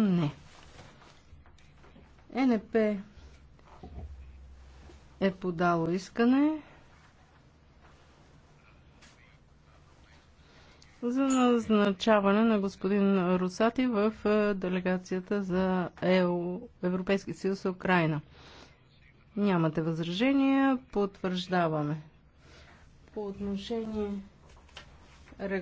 Не. Е НП е подало искане за назначаване на господин Русати в е, делегацията за ЕО, Европейски съюз Украина. Нямате възражения, потвърждаваме. По отношение